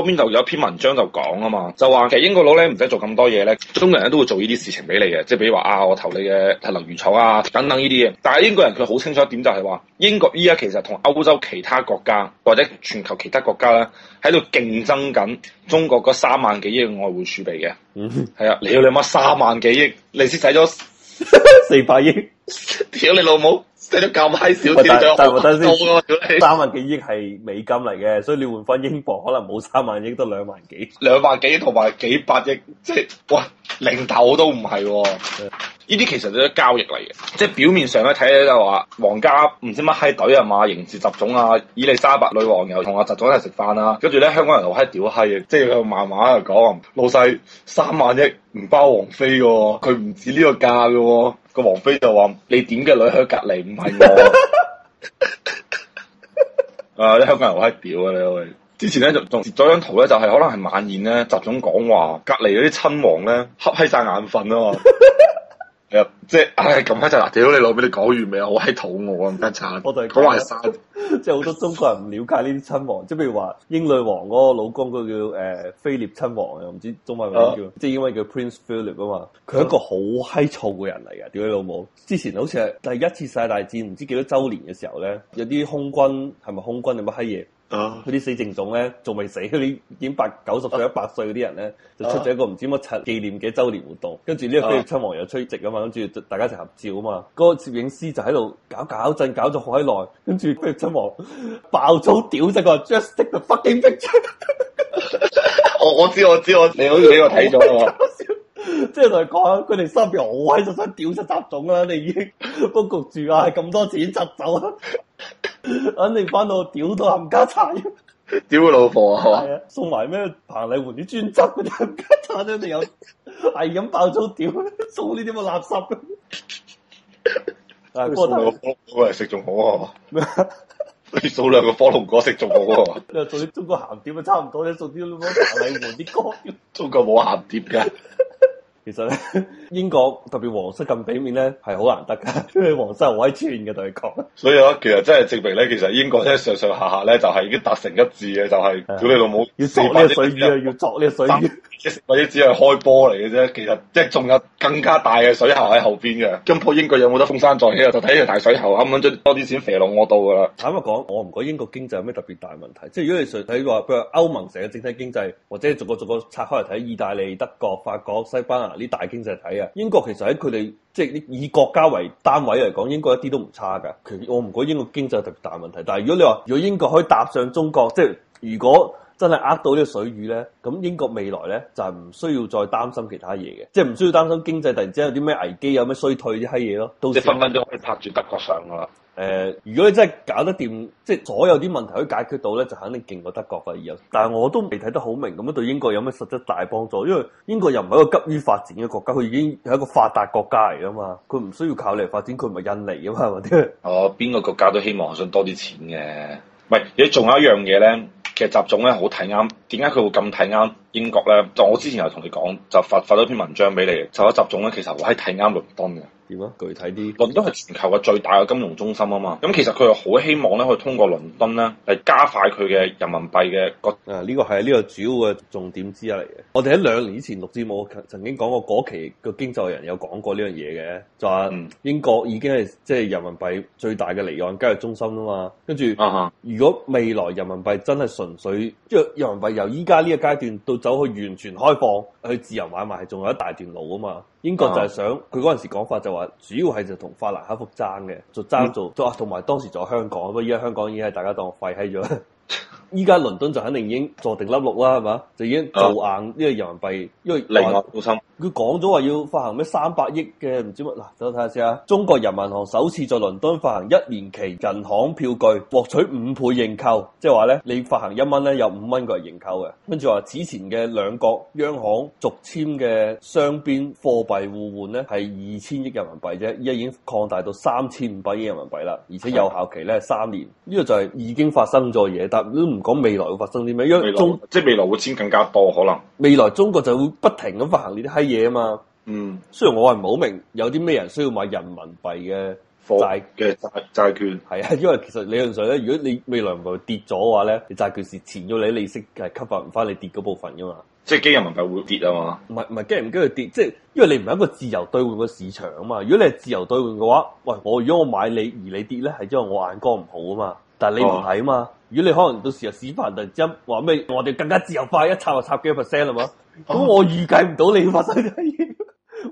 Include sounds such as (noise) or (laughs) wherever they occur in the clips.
後面就有一篇文章就講啊嘛，就話其實英國佬咧唔使做咁多嘢咧，中國人都會做呢啲事情俾你嘅，即係比如話啊，我投你嘅泰能餘儲啊，等等呢啲嘢。但係英國人佢好清楚一點就係話，英國依家其實同歐洲其他國家或者全球其他國家咧，喺度競爭緊中國嗰三萬幾億嘅外匯儲備嘅。嗯，係啊，你屌你媽三萬幾億，你先使咗。四百億，屌 (laughs) 你老母，死咗咁閪少，少咗好多噶嘛？三萬幾億係美金嚟嘅，所以你換翻英鎊，可能冇三萬億，都兩萬幾，兩萬幾同埋幾百億，即係，哇，零頭都唔係啊。嗯。呢啲其實都交易嚟嘅，即係表面上咧睇咧就話皇家唔知乜閪隊啊嘛，迎接習總啊，伊麗莎白女王又同阿習總一齊食飯啦，跟住咧香港人又閪屌閪啊，即係佢慢慢嚟講，老細三萬億唔包王妃嘅、啊，佢唔止呢個價嘅、啊，個王妃就話你點嘅女喺隔離唔係我啊， (laughs) 啊啲香港人好閪屌啊你，之前咧就仲截咗張圖咧，就係可能係晚宴咧，習總講話隔離嗰啲親王咧黑閪晒眼瞓啊嘛。 (laughs) 係即係咁閪就嗱、是，屌你老母！你講完未啊？好閪肚餓啊，唔得渣！我哋講埋三，即係好多中國人唔了解呢啲親王，即係譬如話英女王嗰個老公佢叫誒菲列親王又唔知中文點叫，啊、即係因為叫 Prince (laughs) Philip 啊嘛，佢係一個好閪燥嘅人嚟噶，屌你老母！之前好似係第一次世界大戰唔知幾多周年嘅時候咧，有啲空軍係咪空軍有乜閪嘢？佢啲死剩種咧，仲未死，佢已經八九十歲、一百歲嗰啲人咧，啊、就出咗一個唔知乜柒紀念嘅周年活動，跟住呢個菲臘親王又出席啊嘛，跟住大家一齊合照啊嘛，嗰、那個攝影師就喺度搞搞震，搞咗好耐，跟住菲臘親王爆粗屌出個，just take the fucking picture，我知我知我知我，你好似俾我睇咗啦嘛，即係同你講，佢哋心入邊好閪想屌出雜種啦，你已經封局住啊，咁多錢執走啊。肯定翻到屌到冚家鏟，屌佢老婆啊！係啊，送埋咩彭麗媛啲專輯嗰啲冚家鏟，一定有係飲 (laughs) 爆粗屌，送呢啲咁嘅垃圾。但係過頭，過嚟食仲好啊嘛，你送兩個火龍果食仲好啊 (laughs) (laughs) 你話做啲中國鹹碟啊，差唔多啫，送啲彭麗媛啲歌。 (laughs) 中國冇鹹碟噶。其實咧，英國特別皇室咁俾面咧，係好難得噶，因為皇室係位出現嘅對抗。所以咧，其實真係證明咧，其實英國咧上上下下咧就係已經達成一致嘅，就係屌你老母要食呢個水魚啊得，要作呢個水魚，或者只係開波嚟嘅啫。其實即係仲有更加大嘅水喉喺後邊嘅。今鋪英國有冇得翻山再起啊？就睇呢個大水喉肯唔肯將多啲錢肥落我度噶啦。坦白講，我唔覺得英國經濟有咩特別大問題。即係如果你上睇話，譬如歐盟成個整體經濟，或者逐個逐個拆開嚟睇，意大利、德國、法國、西班牙。啲大經濟體啊，英國其實喺佢哋即係以國家為單位嚟講，英國一啲都唔差噶。其實我唔覺得英國經濟特別大問題。但係如果你話如果英國可以搭上中國，即係如果真係呃到呢個水魚呢，咁英國未來呢，就係唔需要再擔心其他嘢嘅，即係唔需要擔心經濟突然之間有啲咩危機，有咩衰退啲閪嘢咯。到時分分鐘可以拍住德國上噶啦。誒、呃，如果你真係搞得掂，即係所有啲問題可以解決到咧，就肯定勁過德國噶。而但係我都未睇得好明，咁樣對英國有咩實質大幫助？因為英國又唔係一個急於發展嘅國家，佢已經係一個發達國家嚟噶嘛，佢唔需要靠你嚟發展，佢唔係印尼啊嘛啲。哦，邊個國家都希望我想多啲錢嘅，唔係，而且仲有一樣嘢咧，其實習總咧好睇啱，點解佢會咁睇啱英國咧？就我之前又同你講，就發發咗篇文章俾你，就話習總咧其實我係睇啱倫敦嘅。點啊？具體啲，倫敦係全球嘅最大嘅金融中心啊嘛。咁其實佢係好希望咧，去通過倫敦咧，嚟加快佢嘅人民幣嘅、啊這個誒，呢個係呢個主要嘅重點之一嚟嘅。我哋喺兩年以前六字母曾經講過嗰期嘅經濟人有講過呢樣嘢嘅，就話英國已經係、嗯、即係人民幣最大嘅離岸交易中心啊嘛。跟住，如果未來人民幣真係純粹，即係人民幣由依家呢個階段到走去完全開放去自由買賣，係仲有一大段路啊嘛。英國就係想，佢嗰陣時講法就話，主要係就同法蘭克福爭嘅，就爭做，同埋、嗯、當時在香港，不過而家香港已經係大家當我廢棄咗。 (laughs) 依家倫敦就肯定已經坐定粒六啦，係嘛？就已經做硬呢個人民幣，因為佢講咗話要發行咩三百億嘅唔知乜嗱，走睇下先啊！中國人民行首次在倫敦發行一年期銀行票據，獲取五倍認購，即係話咧，你發行一蚊咧有五蚊佢係認購嘅。跟住話，此前嘅兩國央行續簽嘅雙邊貨幣互換咧係二千億人民幣啫，依家已經擴大到三千五百億人民幣啦，而且有效期咧係三年。呢個就係已經發生咗嘢，但都唔講未來會發生啲咩？因為中即係未來會簽更加多可能。未來中國就會不停咁發行呢啲閪嘢啊嘛。嗯，雖然我係唔好明有啲咩人需要買人民幣嘅債嘅債債券。係啊，因為其實理論上咧，如果你未來唔會跌咗嘅話咧，你債券是前咗，你利息係吸發唔翻你跌嗰部分噶嘛。即係驚人民幣會跌啊嘛。唔係唔係驚唔驚佢跌？即係因為你唔係一個自由兌換嘅市場啊嘛。如果你係自由兌換嘅話，喂，我如果我買你而你跌咧，係因為我眼光唔好啊嘛。但係你唔係啊嘛。如果你可能到時候市況突然之間話咩，我哋更加自由化，一插就插幾幾 percent 啦嘛，咁 (laughs) 我預計唔到你會發生緊嘢。 (laughs)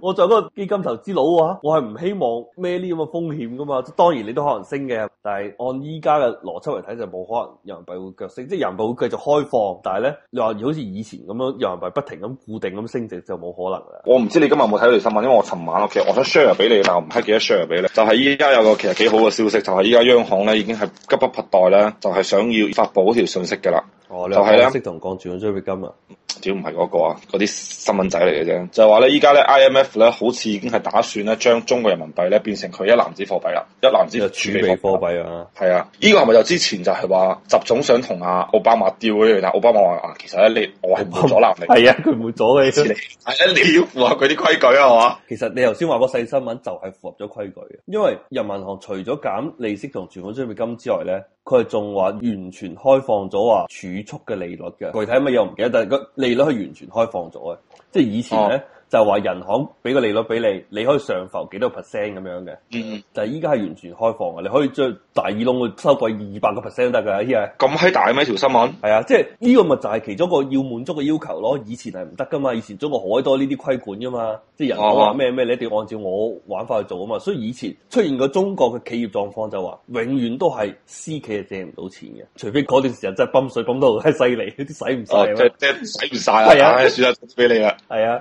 我就係個基金投資佬啊！我係唔希望咩呢咁嘅風險噶嘛。當然你都可能升嘅，但係按依家嘅邏輯嚟睇就冇可能有人民幣會狂升，即係人民幣會繼續開放。但係咧，你話好似以前咁樣，有人民幣不停咁固定咁升值就冇可能啦。我唔知你今日有冇睇到條新聞，因為我尋晚 okay，我其實我想 share 俾你，但係我唔係記得 share 俾你。就係依家有個其實幾好嘅消息，就係依家央行咧已經係急不及待咧，就係、是、想要發布一條信息嘅啦。就係咧，息同降存款準備金啊，屌唔係嗰個啊，嗰啲新聞仔嚟嘅啫，就係話咧，依家咧 IMF 咧好似已經係打算咧將中國人民幣咧變成佢一籃子貨幣啦，一籃子就儲備貨幣啊，係啊，呢、呢個係咪就之前就係話習總想同阿奧巴馬調呢樣，但係奧巴馬話啊，其實咧你我唔阻攔你，係啊，佢唔、 (laughs) 哎、會阻你，係啊、 (laughs) 哎，你要符合佢啲規矩啊嘛，其實你頭先話個細新聞就係符合咗規矩，因為人民行除咗減利息同存款準備金之外咧。佢係仲話完全開放咗話儲蓄嘅利率嘅，具體乜嘢我唔記得，但係個利率係完全開放咗嘅，即係以前呢。哦。就話人行俾個利率俾你，你可以上浮幾多 percent 咁樣嘅。嗯嗯，就係依家係完全開放嘅，你可以將大耳窿會收貴二百個 percent 得㗎依家。咁係大咩條新聞？係啊，即係呢個咪就係其中一個要滿足嘅要求咯。以前係唔得㗎嘛，以前中國好多呢啲規管㗎嘛，即係人行話咩咩，啊啊你一定要按照我玩法去做啊嘛。所以以前出現過中國嘅企業狀況就話，永遠都係私企係借唔到錢嘅，除非嗰段時間真係泵水泵到太犀利，啲使唔晒。即係即係洗唔曬啦，係啊，輸得俾你啦，係 (laughs) 啊。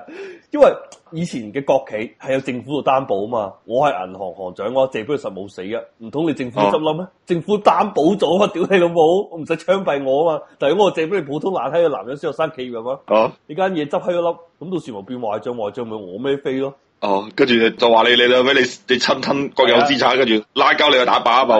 因為以前嘅國企係有政府做擔保嘛，我係銀行行長，我借俾你實冇死啊，唔通你政府執笠咩？政府擔保咗啊，屌你老母，我唔使槍斃我啊嘛，但係我借俾你普通爛閪嘅男人先有生企業噶嘛，你間嘢執起咗笠，咁到時無變壞賬，壞賬咪我咩飛咯。哦，跟住就話你你兩咩？你你侵吞國有資產，跟住拉交你去打靶啊，嘛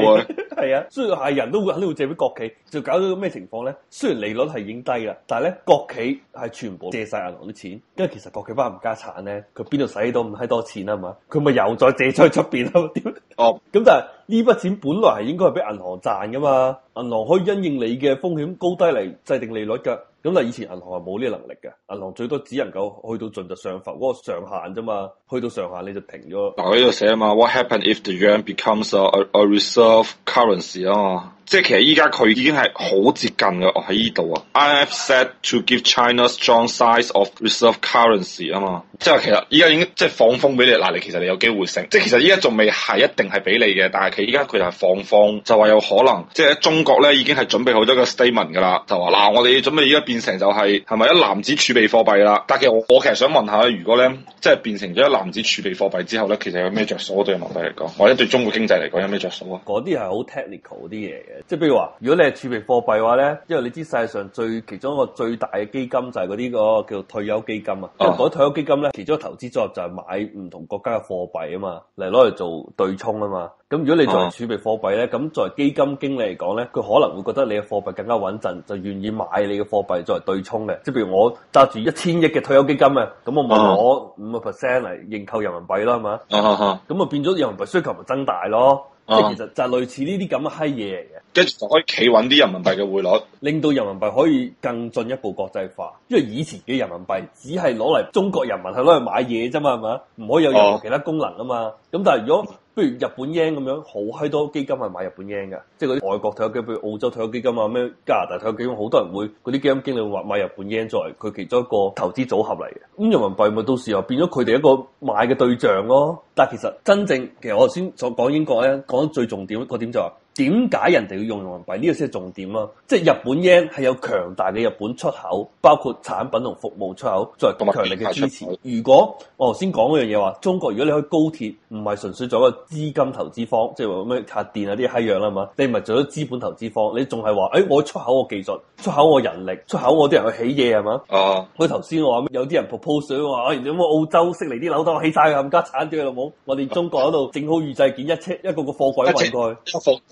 係啊，所、啊、然係人都會喺度借俾國企，就搞到咩情況咧？雖然利率係已經低啦，但係咧國企係全部借晒銀行啲錢，跟住其實國企返唔加產咧，佢邊度使到咁閪多錢啊？嘛，佢咪又再借出去出邊啊？點？哦，咁就係。 (laughs) 呢筆錢本來係應該係俾銀行賺噶嘛，銀行可以因應你嘅風險高低嚟制定利率㗎。咁但以前銀行係冇呢個能力嘅，銀行最多只能夠去到盡就上浮嗰個上限啫嘛，去到上限你就停咗。嗱，我呢度寫啊嘛，What happened if the yuan becomes a a reserve currency 啊嘛？即係其實依家佢已經係好接近嘅，哦喺呢度啊，I have said to give China strong size of reserve currency 啊嘛，即係其實依家已經即係放風俾你，嗱你其實你有機會性，即係其實依家仲未係一定係俾你嘅，但係佢依家佢就係放風，就話有可能即係中國咧已經係準備好咗個 statement 㗎啦，就話嗱我哋準備依家變成就係係咪一籃子儲備貨幣啦？但係我我其實想問下，如果咧即係變成咗一籃子儲備貨幣之後咧，其實有咩着數？對人民幣嚟講，或者對中國經濟嚟講有咩着數啊？嗰啲係好 technical 啲嘢嘅。即係譬如話，如果你係儲備貨幣嘅話咧，因為你知世界上最其中一個最大嘅基金就係嗰啲個叫退休基金啊，因為嗰退休基金咧，其中一個投資組合就係買唔同國家嘅貨幣啊嘛，嚟攞嚟做對沖啊嘛。咁如果你作為儲備貨幣咧，咁作為基金經理嚟講咧，佢可能會覺得你嘅貨幣更加穩陣，就願意買你嘅貨幣作為對沖嘅。即係譬如我揸住一千億嘅退休基金啊，咁我咪攞五個 percent 嚟認購人民幣啦，係嘛？咁啊變咗人民幣需求咪增大咯？即其實就係類似呢啲咁嘅閪嘢嚟嘅，跟住就可以企穩啲人民幣嘅匯率，令到人民幣可以更進一步國際化。因為以前嘅人民幣只係攞嚟中國人民去攞嚟買嘢啫嘛，係咪？唔可以有任何其他功能啊嘛。咁但係如果，不如日本 yen 咁樣，好閪多基金係買日本 yen 嘅，即係嗰啲外國退休基金，譬如澳洲退休基金啊，咩加拿大退休基金，好多人會嗰啲基金經理話買日本 yen 作為佢其中一個投資組合嚟嘅。咁人民幣咪到時候變咗佢哋一個買嘅對象咯。但係其實真正其實我頭先所講英國咧，講得最重點個點就係、是。點解人哋要用用人民幣？呢個先係重點啊。即係日本 yen 係有強大嘅日本出口，包括產品同服務出口，作為咁強力嘅支持。如果我頭先講嗰樣嘢話，中國如果你去高鐵，唔係純粹做一個資金投資方，即係話咩擦電啊啲閪樣啊嘛？你唔係做咗資本投資方，你仲係話誒我出口我技術，出口我人力，出口我啲人去起嘢係嘛？哦、啊。我頭先我話有啲人 proposal 話，誒有冇澳洲悉尼啲樓都起晒啦，冚家鏟佢老母。」我哋中國喺度整好預製件，一車一個個貨櫃運過去，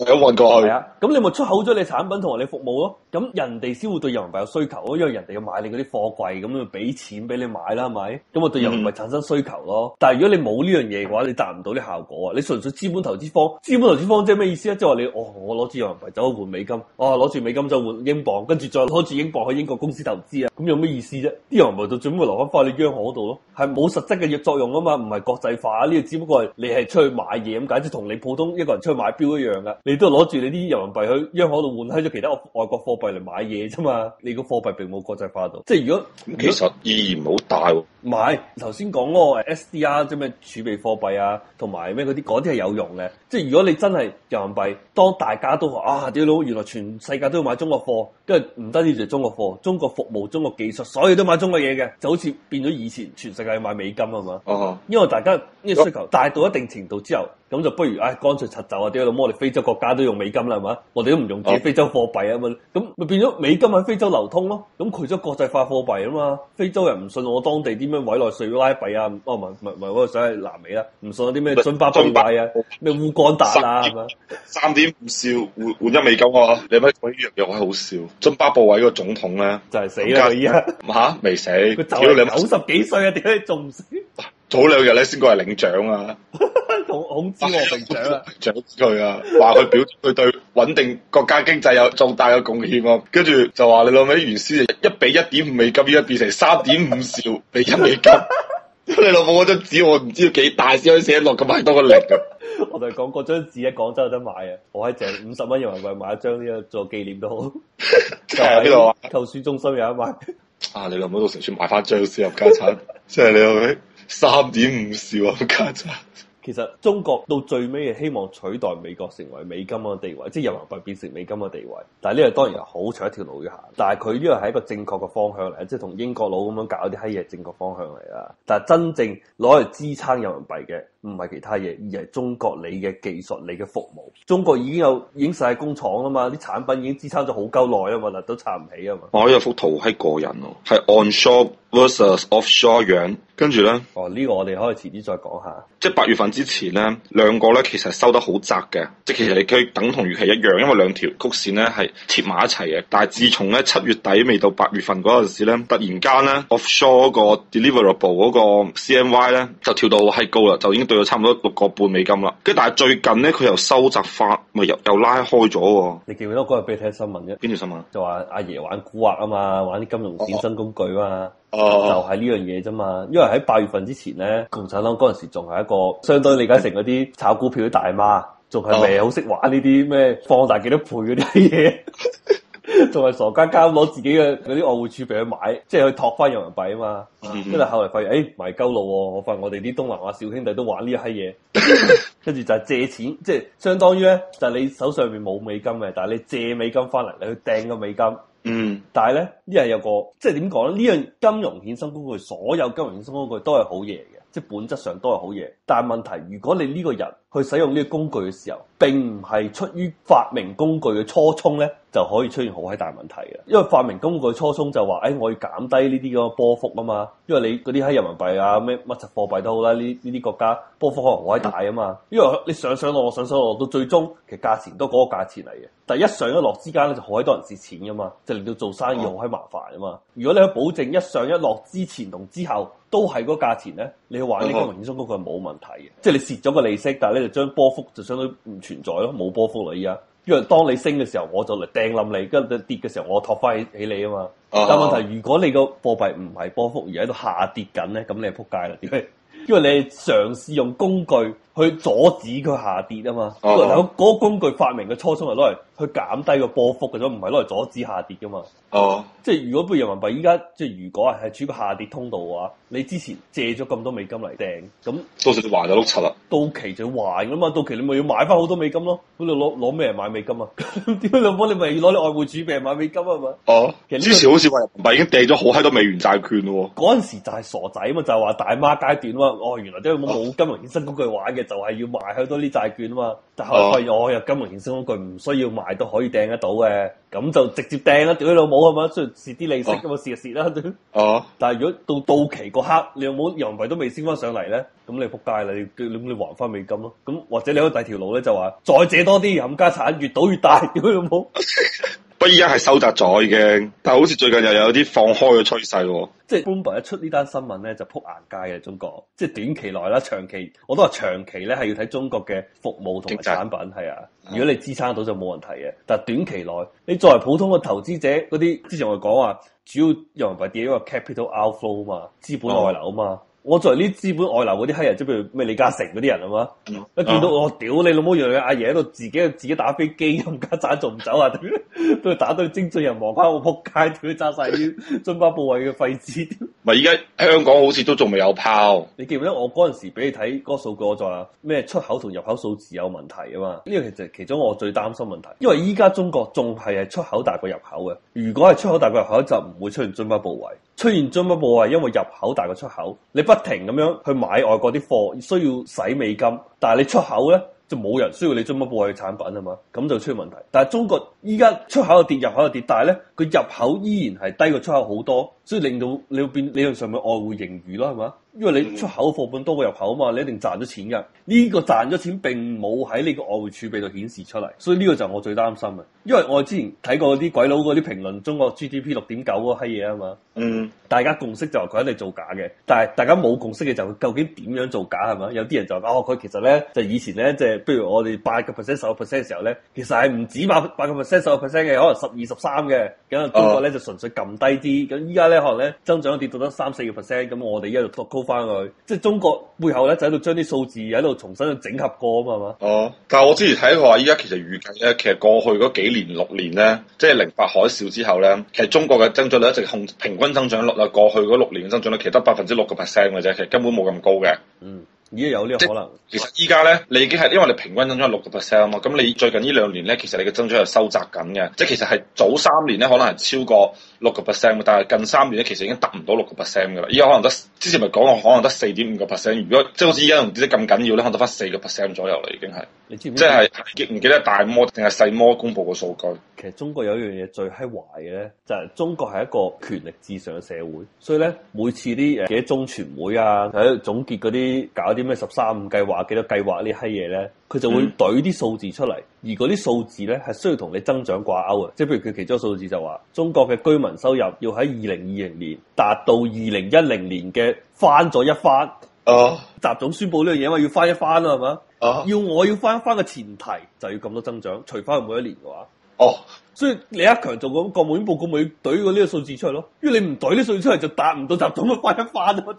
啊。咁你咪出口咗你產品同埋你服務咯，咁人哋先會對人民幣有需求咯，因為人哋要買你嗰啲貨櫃，咁啊俾錢俾你買啦，係咪？咁咪對人民幣產生需求咯。但係如果你冇呢樣嘢嘅話，你達唔到啲效果啊！你純粹資本投資方，資本投資方即係咩意思啊？即係話你哦，我攞住人民幣走去換美金，哇、哦，攞住美金就換英鎊，跟住再攞住英鎊去英國公司投資啊！咁有咩意思啫？啲人民幣就最屘留翻翻去你央行嗰度咯，係冇實質嘅作用啊嘛，唔係國際化呢、啊？呢個、只不過係你係出去買嘢咁，簡直同你普通一個人出去買表一樣噶，你就攞住你啲人民幣去央行度換開咗其他外國貨幣嚟買嘢啫嘛，你個貨幣並冇國際化到，即係如果，如果其實意義唔好大喎啊。買頭先講嗰個 SDR 即咩儲備貨幣啊，同埋咩嗰啲，嗰啲係有用嘅。即係如果你真係人民幣，當大家都話啊，屌佬原來全世界都要買中國貨，跟住唔得呢就中國貨，中國服務、中國技術，所有都買中國嘢嘅，就好似變咗以前全世界買美金係嘛？啊、哈因為大家呢、呢個需求大到一定程度之後，咁就不如唉、哎、乾脆拆走啊！屌佬，我哋非洲國家都用美金啦，係嘛？我哋都唔用自己非洲貨幣啊嘛，咁咪變咗美金喺非洲流通咯。咁佢咗國際化貨幣啊嘛，非洲人唔信我當地啲。咩委內瑞拉幣啊？哦唔唔唔，嗰個想係南美啦，唔信啲咩津巴布韋啊，咩、啊、烏干達啊，係嘛月？是是三點五兆換換一美金，啊，你咪我呢日又開好笑，津巴布韋個總統咧就係死啦依家，嚇未死，佢走咗你九十幾歲啊，點解你仲唔死？早兩日咧先過嚟領獎啊，同孔子我領獎啦，獎佢啊，話佢表佢對穩定國家經濟有重大嘅貢獻啊，跟住就話你老味原先一比一點五美金，而家變成三點五兆比一美金， (laughs) 你老母嗰張紙我唔知要幾大先可以寫落咁買多個零，啊 (laughs) 我哋講嗰張紙喺廣州有得買啊，我喺淨五十蚊人民幣買一張呢，做紀念都好。喺邊度啊？購書中心有一買。 (laughs) 啊，你老母度成算買翻張先入家產，即係你老味。三點五兆啊！更加，其實中國到最尾嘅希望取代美國成為美金嘅地位，即係人民幣變成美金嘅地位。但係呢個當然係好長一條路要行，但係佢呢個係一個正確嘅方向嚟，即係同英國佬咁樣搞啲閪嘢，正確方向嚟啦。但係真正攞嚟支撐人民幣嘅。唔係其他嘢，而係中國你嘅技術、你嘅服務。中國已經有影曬工廠啦嘛，啲產品已經支撐咗好夠耐啊嘛，嗱都撐唔起啊嘛。我呢個幅圖係過癮喎，係 onshore versus offshore 樣。跟住咧，哦呢個我哋可以遲啲再講下。即係八月份之前咧，兩個咧其實收得好窄嘅，即係其實佢等同預期一樣，因為兩條曲線咧係貼埋一齊嘅。但係自從咧七月底未到八月份嗰陣時咧，突然間咧 offshore 嗰個 deliverable 嗰個 CNY 咧就跳到好高啦，就已經。差唔多六個半美金啦，跟住但係最近咧，佢又收窄翻，咪又又拉開咗喎。你記唔記得嗰日俾你聽新聞啫？邊條新聞？就話阿爺玩古惑啊嘛，玩啲金融衍生工具啊嘛，就係呢樣嘢啫嘛。因為喺八月份之前咧，共產黨嗰陣時仲係一個相當理解成嗰啲炒股票嘅大媽，仲係未好識玩呢啲咩放大幾多倍嗰啲嘢。哦哦 (laughs) 仲係傻瓜瓜攞自己嘅嗰啲外匯儲備去買，即係去托翻人民幣啊嘛。跟住 (laughs) 後，後來發現，誒、哎，迷鳩路喎。我發現我哋啲東南亞小兄弟都玩呢一閪嘢，跟 (laughs) 住就係借錢，即係相當於咧，就是，你手上面冇美金嘅，但係你借美金翻嚟，你去掟個美金。嗯。但係咧，呢係有個，即係點講咧？呢、這、樣、個、金融衍生工具，所有金融衍生工具都係好嘢嘅，即係本質上都係好嘢。但係問題，如果你呢個人。去使用呢個工具嘅時候，並唔係出於發明工具嘅初衷咧，就可以出現好閪大問題嘅。因為發明工具初衷就話：，誒、哎，我要減低呢啲咁波幅啊嘛。因為你嗰啲喺人民幣啊、咩乜柒貨幣都好啦，呢呢啲國家波幅可能好閪大啊嘛。因為你上上落落、上上落落到最終，其實價錢都嗰個價錢嚟嘅。但係一上一落之間咧，就好閪多人蝕錢噶嘛，就令到做生意好閪麻煩啊嘛。如果你想保證一上一落之前同之後都係嗰個價錢咧，你去玩呢個衍生工具冇問題嘅，嗯、即係你蝕咗個利息，但係你。就將波幅就相當於唔存在咯，冇波幅啦依家。因為當你升嘅時候，我就嚟掟冧你，跟住跌嘅時候，我托翻起起你啊嘛。哦哦哦，但問題，如果你個貨幣唔係波幅而喺度下跌緊咧，咁你係仆街啦，點解？因為你係嘗試用工具。去阻止佢下跌啊嘛！嗱，嗰個工具發明嘅初衷係攞嚟去減低個波幅嘅啫，唔係攞嚟阻止下跌嘅嘛。哦，uh, 即係如果不如人民幣依家即係如果係係處於下跌通道嘅話，你之前借咗咁多美金嚟掟，咁多數都還咗碌柒啦。到期就要還啊嘛，到期你咪要買翻好多美金咯。咁你攞攞咩嚟買美金啊？點解兩方你咪要攞你外匯儲備嚟買美金啊嘛？哦，uh, 之前好似話人民幣已經掟咗好閪多美元債券咯喎。嗰陣時就係傻仔啊嘛，就係話大媽階段咯。哦，原來都係冇金融衍生工具玩嘅。就係要賣好多啲債券啊嘛，但係、uh huh. 我有金融衍生工具，唔需要賣都可以掟得到嘅，咁就直接掟啦，屌你老母係咪？雖然蝕啲利息咁啊，蝕就蝕啦。哦、huh. (laughs) uh huh. 但係如果到到期個刻，你老母人民幣都未升翻上嚟咧，咁你撲街啦！你咁你，你還翻美金咯？咁或者你開第二條路咧，就話再借多啲冚家產，越賭越大，屌你老母！ (laughs) 我依家係收窄咗，已經，但係好似最近又有啲放開嘅趨勢喎、哦。即係宣布一出呢單新聞咧，就撲眼街嘅中國。即係短期內啦，長期我都話長期咧係要睇中國嘅服務同埋產品係濟啊。如果你支撐到就冇問題嘅，但係短期內你作為普通嘅投資者嗰啲，之前我哋講話主要用幣點，因為 capital outflow 嘛，資本外流嘛。嗯、我作為呢資本外流嗰啲黑人，即譬如咩李嘉誠嗰啲人啊嘛，嗯嗯、一見到我屌、嗯、你老母，原來阿爺喺度自己自己打飛機，咁家陣仲唔走啊？ (laughs) (laughs) 都打到精盡人亡，翻我仆街，佢揸晒啲津巴布韋嘅廢紙。唔係，依家香港好似都仲未有炮， (laughs) 你記唔記得我嗰陣時俾你睇嗰個數據？我就話咩出口同入口數字有問題啊嘛。呢個其實其中我最擔心問題，因為依家中國仲係係出口大過入口嘅。如果係出口大過入口，就唔會出現津巴布韋。出現津巴布韋，因為入口大過出口，你不停咁樣去買外國啲貨，需要使美金，但係你出口咧？就冇人需要你做乜嘅產品係嘛？咁就出問題。但係中國依家出口又跌，入口又跌，但係呢，佢入口依然係低過出口好多，所以令到你會變理論上係咪外匯盈餘咯係嘛？因為你出口貨款多過入口啊嘛，你一定賺咗錢嘅。呢個賺咗錢並冇喺你個外匯儲備度顯示出嚟，所以呢個就係我最擔心嘅。因為我之前睇過啲鬼佬嗰啲評論，中國 GDP 六點九嗰個係嘢啊嘛，嗯，大家共識就話佢一定造假嘅。但係大家冇共識嘅就佢究竟點樣造假係嘛？有啲人就話，哦，佢其實咧就以前咧，即係譬如我哋八個 percent 十個 percent 嘅時候咧，其實係唔止八八個 percent 十個 percent 嘅，可能十二十三嘅。咁啊，中國咧就純粹撳低啲。咁依家咧可能咧增長跌到得三四個 percent。咁我哋一度翻佢，即係中國背後咧就喺度將啲數字喺度重新整合過啊嘛，係嘛？哦，但係我之前睇過話依家其實預計咧，其實過去嗰幾年六年咧，即係零八海嘯之後咧，其實中國嘅增長率一直控平均增長率啦。過去嗰六年嘅增長率，其實得百分之六個 percent 嘅啫，其實根本冇咁高嘅。嗯，依家有呢個可能？其實依家咧，你已經係因為你平均增長六個 percent 啊嘛，咁你最近呢兩年咧，其實你嘅增長係收窄緊嘅，即係其實係早三年咧，可能係超過。六個 percent，但係近三年咧，其實已經達唔到六個 percent 嘅啦。而家可能得，之前咪講過可能得四點五個 percent。如果即係好似而家唔同得咁緊要咧，可能得翻四個 percent 左右啦。已經係，你知唔知？即係記唔記得大摩定係細摩公布個數據？其實中國有一樣嘢最閪壞嘅咧，就係、是、中國係一個權力至上嘅社會，所以咧，每次啲幾多中全會啊，喺總結嗰啲搞啲咩十三五計劃幾多計劃呢？閪嘢咧。佢、嗯、就會懟啲數字出嚟，而嗰啲數字咧係需要同你增長掛鈎嘅，即係譬如佢其中數字就話，中國嘅居民收入要喺二零二零年達到二零一零年嘅翻咗一番。哦、啊，習總宣佈呢樣嘢嘛，要翻一翻啦，係嘛？哦、啊，要我要翻一翻嘅前提就要咁多增長，除翻每一年嘅話。哦，oh, 所以李克強就咁國務院報告咪懟過呢個數字出嚟咯，因為你唔懟啲數字出嚟就達唔到習總嘅翻一番。啊！屌，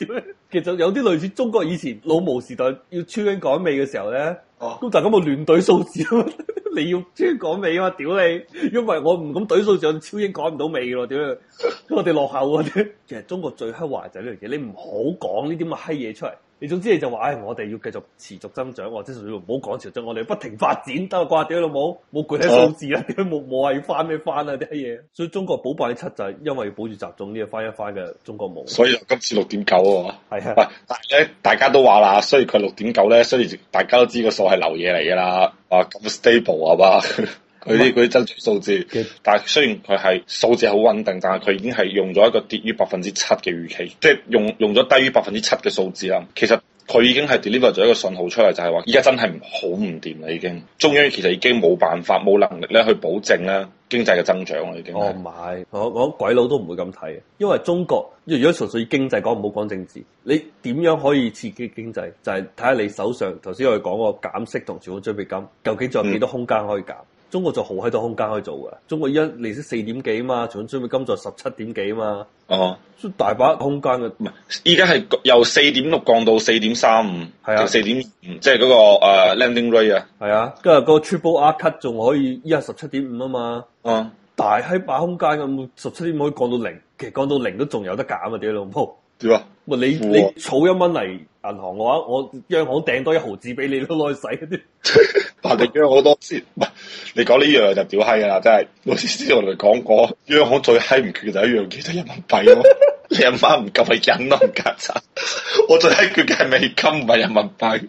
其實有啲類似中國以前老毛時代要超英趕美嘅時候咧，咁、oh. 就咁個亂懟數字， (laughs) 你要超英趕美啊嘛，屌你，因為我唔敢懟數字，我超英趕唔到美嘅咯，屌， (laughs) 我哋落後啲，其實中國最黑話就呢樣嘢，你唔好講呢啲咁嘅閪嘢出嚟。你總之你就話，唉、哎，我哋要繼續持續增長，即係唔好講潮州，我哋不停發展，得掛住老母，冇具體數字啦，冇冇話要翻咩翻啊啲乜嘢。所以中國保翻七就係因為要保住集中呢啲翻一翻嘅中國夢。所以今次六點九啊，係啊。唔大咧大家都話啦，雖然佢六點九咧，雖然大家都知個數係流嘢嚟噶啦，話咁 stable 係嘛。佢啲嗰啲增長數字，但係雖然佢係數字好穩定，但係佢已經係用咗一個跌於百分之七嘅預期，即係用用咗低於百分之七嘅數字啦。其實佢已經係 deliver 咗一個信號出嚟，就係話依家真係好唔掂啦。已經中央其實已經冇辦法、冇能力咧去保證咧經濟嘅增長啦。已經哦唔係，我我鬼佬都唔會咁睇，因為中國如果純粹以經濟講，唔好講政治，你點樣可以刺激經濟？就係睇下你手上頭先我哋講個減息同存款準備金，究竟仲有幾多空間可以減？嗯中國就好喺度空間可以做㗎，中國依家利息四點幾嘛，存款準備金就十七點幾嘛，哦、uh，huh. 大把空間嘅，唔係，依家係由四點六降到四點三五，係啊，四點五即係嗰個誒、uh, landing rate 啊，係啊，跟住個 triple r cut 仲可以依家十七點五啊嘛，啊、uh，huh. 大閪把空間咁，十七點五可以降到零，其實降到零都仲有得減啊，啲老鋪，點啊你了？你你儲一蚊嚟銀行嘅話，我，我央行掟多一毫子俾你都攞去使啲。 (laughs) 話你央行好多錢，唔係你講呢樣就屌閪啦，真係。老師之前我哋講過，央行最閪唔缺嘅就一樣嘢，就人民幣咯、啊。你阿媽唔夠去印咯，夾雜。 (laughs) 我最閪缺嘅係美金，唔係人民幣。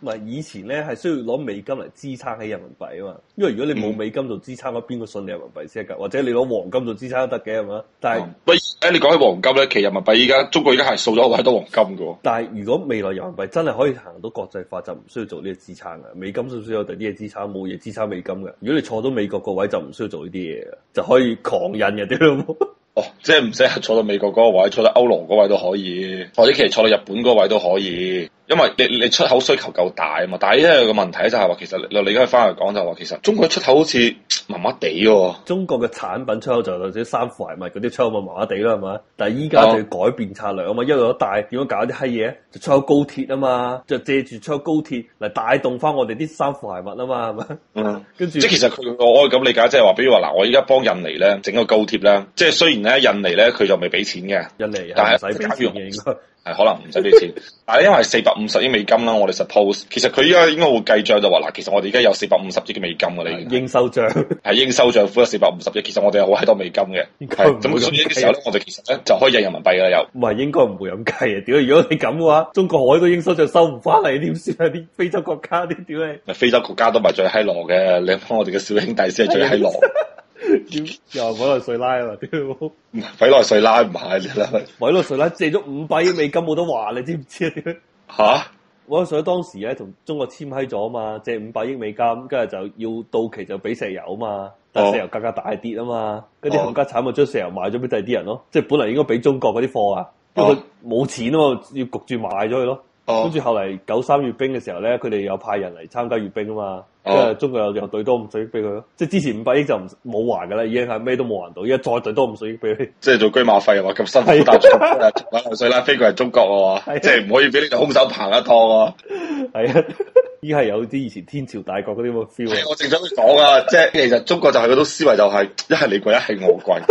唔係以前咧，係需要攞美金嚟支撐起人民幣啊嘛。因為如果你冇美金做支撐，邊個、嗯、信你人民幣先得噶？或者你攞黃金做支撐都得嘅係嘛。但係，誒、啊，你講起黃金咧，其實人民幣依家中國依家係掃咗好多黃金嘅。但係如果未來人民幣真係可以行到國際化，就唔需要做呢個支撐嘅。美金需唔需要有第啲嘢支撐？冇嘢支撐美金嘅。如果你坐到美國嗰位，就唔需要做呢啲嘢，就可以狂印人哋咯。 (laughs) 哦，即係唔使坐到美國嗰位，坐到歐羅嗰位都可以，或者其實坐到日本嗰位都可以。因為你你出口需求夠大啊嘛，但係依家個問題就係話，其實你而家翻嚟講就話，其實中國出口好似麻麻地喎。中國嘅產品出口就例如啲三副鞋襪嗰啲出口咪麻麻地啦，係咪？但係依家就改變策略啊嘛，帶一路都帶點樣搞啲閪嘢？就出口高鐵啊嘛，就借住出口高鐵嚟帶動翻我哋啲三副鞋襪啊嘛，係咪？嗯，跟住後即係其實佢我可以咁理解，即係話，比如話嗱，我依家幫印尼咧整個高鐵咧，即係雖然咧印尼咧佢就未俾錢嘅，印尼，印尼但係使假用。 (laughs) 係 (laughs) 可能唔使俾錢，但係因為四百五十億美金啦，我哋 suppose 其實佢依家應該會計賬就話嗱，其實我哋而家有四百五十億嘅美金嘅呢， (laughs) 應收賬係應收賬戶有四百五十億，其實我哋有好多美金嘅。係咁，是嗯、所以嘅時候咧，我哋其實咧 (laughs) 就可以印人民幣啦又。唔係應該唔會咁計啊？屌，如果你咁嘅話，中國喺度應收賬收唔翻嚟，點算啊？啲非洲國家啲屌氣。非洲國家都唔係最閪羅嘅，兩方我哋嘅小兄弟先係最閪羅。 (laughs) 又委內瑞拉啊嘛，點委內瑞拉唔係，委內瑞拉借咗五百億美金冇得還，你知唔知啊？點啊？吓！委內瑞當時咧同中國簽批咗嘛，借五百億美金，跟住就要到期就俾石油嘛，但石油價格格大跌啊嘛，嗰啲冚家產咪將石油賣咗俾第啲人咯，即係本來應該俾中國嗰啲貨啊，因為冇錢啊嘛，要焗住賣咗佢咯。跟住、啊、後嚟九三閱兵嘅時候咧，佢哋又派人嚟參加閱兵啊嘛。即係、哦、中國又對多五百億俾佢咯，即係之前五百億就唔冇還噶啦，已經係咩都冇還到，而家再對多五百億俾佢，即係做車馬費嘅話咁辛苦搭船啊，把流水啦。飛佢係中國啊 (laughs) 即係唔可以俾你空手爬一趟咯，係啊，依係有啲以前天朝大國嗰啲咁嘅 feel 我正想講啊，即係其實中國就係嗰種思維就係、是、一係你貴一係我貴。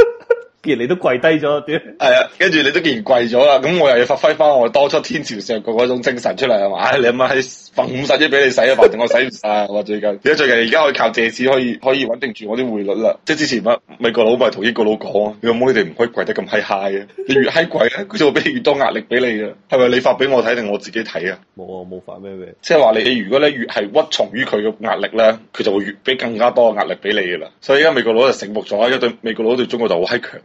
既然你都跪低咗係啊，跟住你都既然跪咗啦，咁我又要發揮翻我，我當初天朝時候嗰種精神出嚟係嘛？你阿媽係瞓五十億俾你使啊，反正我使唔曬啊？最近而家最近而家我靠借錢可以可以穩定住我啲匯率啦。即係之前乜美國佬咪同英國佬講，你阿妹哋唔可以跪得咁嗨嗨嘅， (laughs) 你越嗨跪咧，佢就會俾你越多壓力俾你嘅。係咪你發俾我睇定我自己睇啊？冇啊，冇發咩嘢。即係話你，如果咧越係屈從於佢嘅壓力咧，佢就會越俾更加多嘅壓力俾你㗎啦。所以而家美國佬就醒目咗，因為對美國佬對中國就好嗨強。